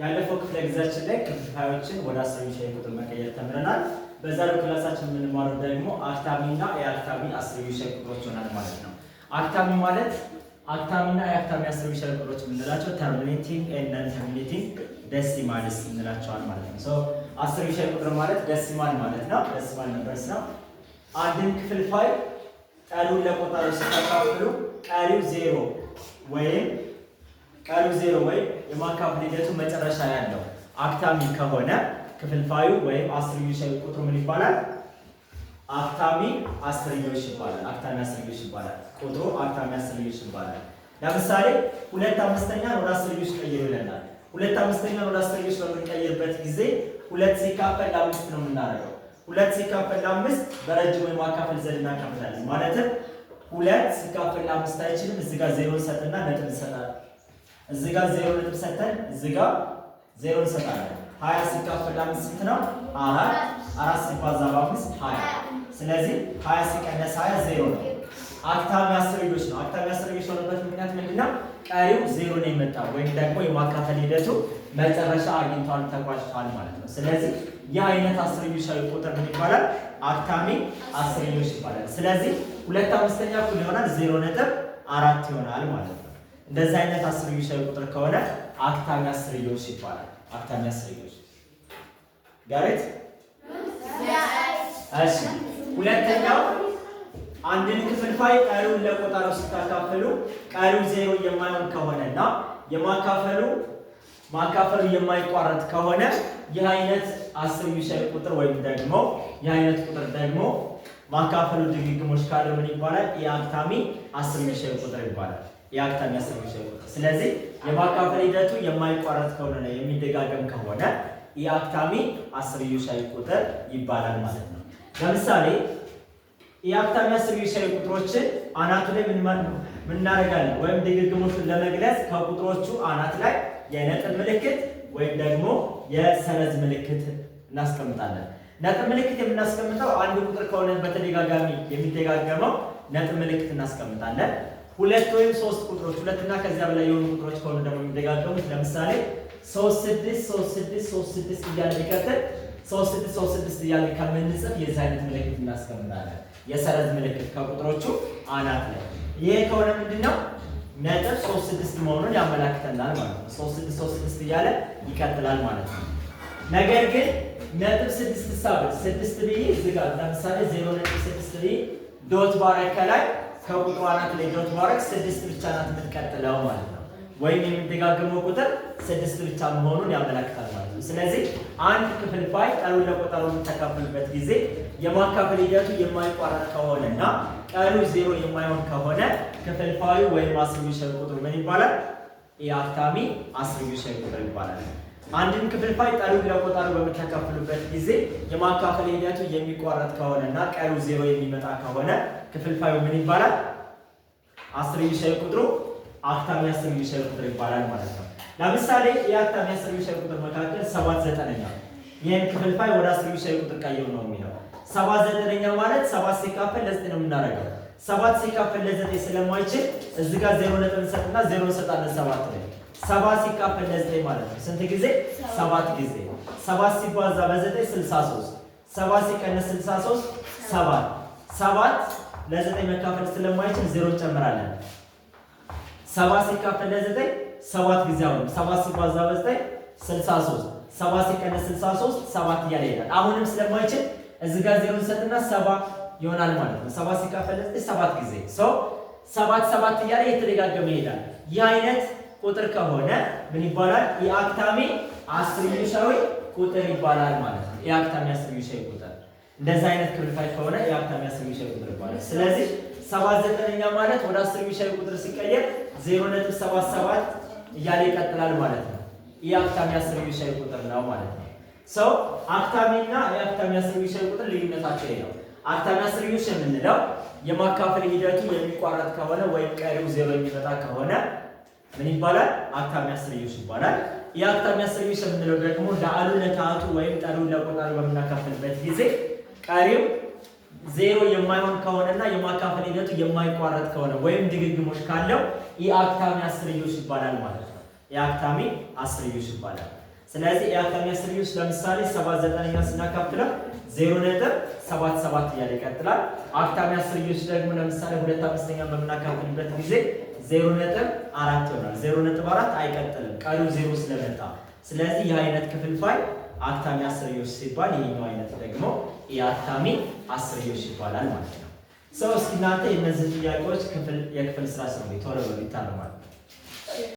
ያለፈው ክፍለ ጊዜያችን ላይ ክፍልፋዮችን ወደ አስርዮሻዊ ቁጥር መቀየር ተምረናል። በዛሬው ክላሳችን የምንማረው ደግሞ አክታሚና የአክታሚ አስርዮሻዊ ቁጥሮች ይሆናል ማለት ነው። አክታሚ ማለት አክታሚና የአክታሚ አስርዮሻዊ ቁጥሮች የምንላቸው ተርሚኔቲንግ ኤንድ ነን ተርሚኔቲንግ ደሲማልስ እንላቸዋል ማለት ነው። ሶ አስርዮሻዊ ቁጥር ማለት ደሲማል ማለት ነው። ደሲማል ነበርስ ነው። አንድን ክፍልፋይ ቀሪውን ለቆጣሪ ሲያካፍሉ ቀሪው ዜሮ ወይም ቀሪው ዜሮ ወይም የማካፍ ልደቱ መጨረሻ ያለው አክታሚ ከሆነ ክፍልፋዩ ወይም አስርዮሽ ቁጥሩ ምን ይባላል? አክታሚ አስርዮሽ ይባላል። አክታሚ አስርዮሽ ይባላል። ቁጥሩ አክታሚ አስርዮሽ ይባላል። ለምሳሌ ሁለት አምስተኛ ወደ አስርዮሽ ቀይር ይለናል። ሁለት አምስተኛ ወደ አስርዮሽ በምንቀይርበት ጊዜ ሁለት ሲካፈል ለአምስት ነው የምናደርገው። ሁለት ሲካፈል ለአምስት በረጅሙ የማካፈል ዘዴ እናካፍላለን። ማለትም ሁለት ሲካፈል ለአምስት አይችልም። እዚህ ጋር ዜሮ ሰጥና ነጥብ ይሰጣል እዚህ ጋር ዜሮ ነጥብ ሰተን እዚህ ጋር ዜሮ እንሰጣለን። ሀያ ሲካፈል አምስት ስንት ነው? አራት አራት ሲባዛ በአምስት ሀያ ስለዚህ ሀያ ሲቀነስ ሀያ ዜሮ ነው። አክታሚ አስርዮሽ ነው። አክታሚ አስርዮሽ የሆነበት ምክንያት ምንድነው? ቀሪው ዜሮ ነው የመጣው ወይም ደግሞ የማካፈል ሂደቱ መጨረሻ አግኝቷል ተቋጭቷል ማለት ነው። ስለዚህ ያ አይነት አስርዮሻዊ ቁጥር ምን ይባላል? አክታሚ አስርዮሽ ይባላል። ስለዚህ ሁለት አምስተኛ እኩል ይሆናል ዜሮ ነጥብ አራት ይሆናል ማለት ነው። እንደዛ አይነት አስርዮሽ ቁጥር ከሆነ አክታሚ አስርዮሽ ይባላል። አክታሚ አስርዮሽ ጋሬት። እሺ ሁለተኛው አንድን ክፍልፋይ ቀሪውን ለቆጠረው ስታካፍሉ ቀሪው ዜሮ የማይሆን ከሆነና የማካፈሉ ማካፈሉ የማይቋረጥ ከሆነ ይህ አይነት አስርዮሽ ቁጥር ወይም ደግሞ ይህ አይነት ቁጥር ደግሞ ማካፈሉ ድግግሞች ካለ ምን ይባላል? የአክታሚ አስርዮሽ ቁጥር ይባላል። የአክታሚያ ስሮች ይወጣል። ስለዚህ የማካፈል ሂደቱ የማይቋረጥ ከሆነ ነው የሚደጋገም ከሆነ የአክታሚ አስርዮሽ ሳይ ቁጥር ይባላል ማለት ነው። ለምሳሌ የአክታሚ አስርዮሽ ሳይ ቁጥሮችን አናቱ ላይ ምን ማለት ነው እናደርጋለን ወይም ድግግሞቹን ለመግለጽ ከቁጥሮቹ አናት ላይ የነጥብ ምልክት ወይም ደግሞ የሰረዝ ምልክት እናስቀምጣለን። ነጥብ ምልክት የምናስቀምጠው አንድ ቁጥር ከሆነ በተደጋጋሚ የሚደጋገመው ነጥብ ምልክት እናስቀምጣለን። ሁለት ወይም ሶስት ቁጥሮች ሁለትና ከዚያ በላይ የሆኑ ቁጥሮች ከሆኑ ደግሞ የሚደጋገሙት ለምሳሌ ሶስት ስድስት ሶስት ስድስት ሶስት ስድስት እያለ ቢቀጥል ሶስት ስድስት ሶስት ስድስት እያለ ከምንጽፍ የዚህ አይነት ምልክት እናስቀምጣለን። የሰረዝ ምልክት ከቁጥሮቹ አናት ላይ። ይሄ ከሆነ ምንድን ነው ነጥብ ሶስት ስድስት መሆኑን ያመላክተናል ማለት ነው። ሶስት ስድስት ሶስት ስድስት እያለ ይቀጥላል ማለት ነው። ነገር ግን ነጥብ ስድስት ሳብ ስድስት ብዬ እዚህ ጋር ለምሳሌ ዜሮ ነጥብ ስድስት ብዬ ዶት ባረከ ላይ ከቁጥሩ አራት ላይ ማድረግ ስድስት ብቻ ናት የምትቀጥለው ማለት ነው። ወይም የሚደጋግመው ቁጥር ስድስት ብቻ መሆኑን ያመላክታል ማለት ነው። ስለዚህ አንድ ክፍልፋይ ቀሩን ለቆጠሩ የምታካፍልበት ጊዜ የማካፈል ሂደቱ የማይቋረጥ ከሆነ እና ቀሩ ዜሮ የማይሆን ከሆነ ክፍልፋዩ ወይም አስርዮሻዊ ቁጥር ምን ይባላል? የአታሚ አስርዮሻዊ ቁጥር ይባላል። አንድን ክፍልፋይ ጠሪውን ለቆጣሪው በምታካፍሉበት ጊዜ የማካፈል ሂደቱ የሚቋረጥ ከሆነ እና ቀሪው ዜሮ የሚመጣ ከሆነ ክፍልፋዩ ምን ይባላል? አስርዬ ሸር ቁጥሩ አክታሚ አስርዬ ሸር ቁጥር ይባላል ማለት ነው። ለምሳሌ የአክታሚ አስርዬ ሸር ቁጥር መካከል ሰባት ዘጠነኛ ይህን ክፍልፋይ ወደ አስርዬ ሸር ቁጥር ቀየው ነው የሚለው ሰባት ዘጠነኛ ማለት ሰባት ሲካፈል ለዘጠኝ ነው የምናደርገው። ሰባት ሲካፈል ለዘጠኝ ስለማይችል እዚህ ጋር ዜሮ ነጥብ እንሰጥና ዜሮ እንሰጣለን ሰባት ላይ ሰባት ሲካፈል ለዘጠኝ ማለት ነው ስንት ጊዜ? ሰባት ጊዜ። ሰባት ሲባዛ በዘጠኝ ስልሳ ሶስት ሰባት ሲቀነስ ስልሳ ሶስት ሰባት ሰባት ለዘጠኝ መካፈል ስለማይችል ዜሮ እንጨምራለን። ሰባ ሲካፈል ለዘጠኝ ሰባት ጊዜ አሁንም ሰባት ሲባዛ በዘጠኝ ስልሳ ሶስት ሰባ ሲቀነስ ስልሳ ሶስት ሰባት እያለ ይሄዳል። አሁንም ስለማይችል እዚህ ጋር ዜሮ እንሰጥና ሰባ ይሆናል ማለት ነው። ሰባ ሲካፈል ለዘጠኝ ሰባት ጊዜ ሰው ሰባት ሰባት እያለ እየተደጋገመ ይሄዳል። ይህ አይነት ቁጥር ከሆነ ምን ይባላል? የአክታሚ አስርዮሻዊ ቁጥር ይባላል ማለት ነው። የአክታሚ አስርዮሻዊ ቁጥር እንደዛ አይነት ክፍልፋይ ከሆነ የሀብታም የአስር ሚሻዊ ቁጥር ይባላል። ስለዚህ ሰባት ዘጠነኛ ማለት ወደ አስር ሚሻዊ ቁጥር ሲቀየር ዜሮ ነጥብ ሰባት ሰባት እያለ ይቀጥላል ማለት ነው። ይህ የሀብታም ያስር ሚሻዊ ቁጥር ነው ማለት ነው። ሰው አክታሚና የአክታሚ አስር ሚሻዊ ቁጥር ልዩነታቸው ነው። አክታሚ አስር ሚሻ የምንለው የማካፈል ሂደቱ የሚቋረጥ ከሆነ ወይም ቀሪው ዜሮ የሚመጣ ከሆነ ምን ይባላል? አክታሚ አስር ሚሻ ይባላል። የአክታሚ አስር ሚሻ የምንለው ደግሞ ለአሉ ለታቱ ወይም ጠሩ ለቆጣሪ በምናካፍልበት ጊዜ ቀሪው ዜሮ የማይሆን ከሆነና የማካፈል ሂደቱ የማይቋረጥ ከሆነ ወይም ድግግሞች ካለው የአክታሚ አስርዮሽ ይባላል ማለት ነው። የአክታሚ አስርዮሽ ይባላል። ስለዚህ የአክታሚ አስርዮሽ ለምሳሌ 79ኛ ስናካፍለው 0.77 እያለ ይቀጥላል። አክታሚ አስርዮሽ ደግሞ ለምሳሌ ሁለት አምስተኛ በምናካፍልበት ጊዜ 0.4 ይሆናል። 0.4 አይቀጥልም ቀሪው ዜሮ ስለመጣ ስለዚህ የአይነት ክፍልፋይ አክታሚ አስርዮሽ ሲባል ይሄኛው አይነት ደግሞ የአክታሚ አስርዮሽ ይባላል ማለት ነው። ሰው እስኪ እናንተ የእነዚህ ጥያቄዎች የክፍል ስራ ስሩ፣ ቶሎ ይታረማል።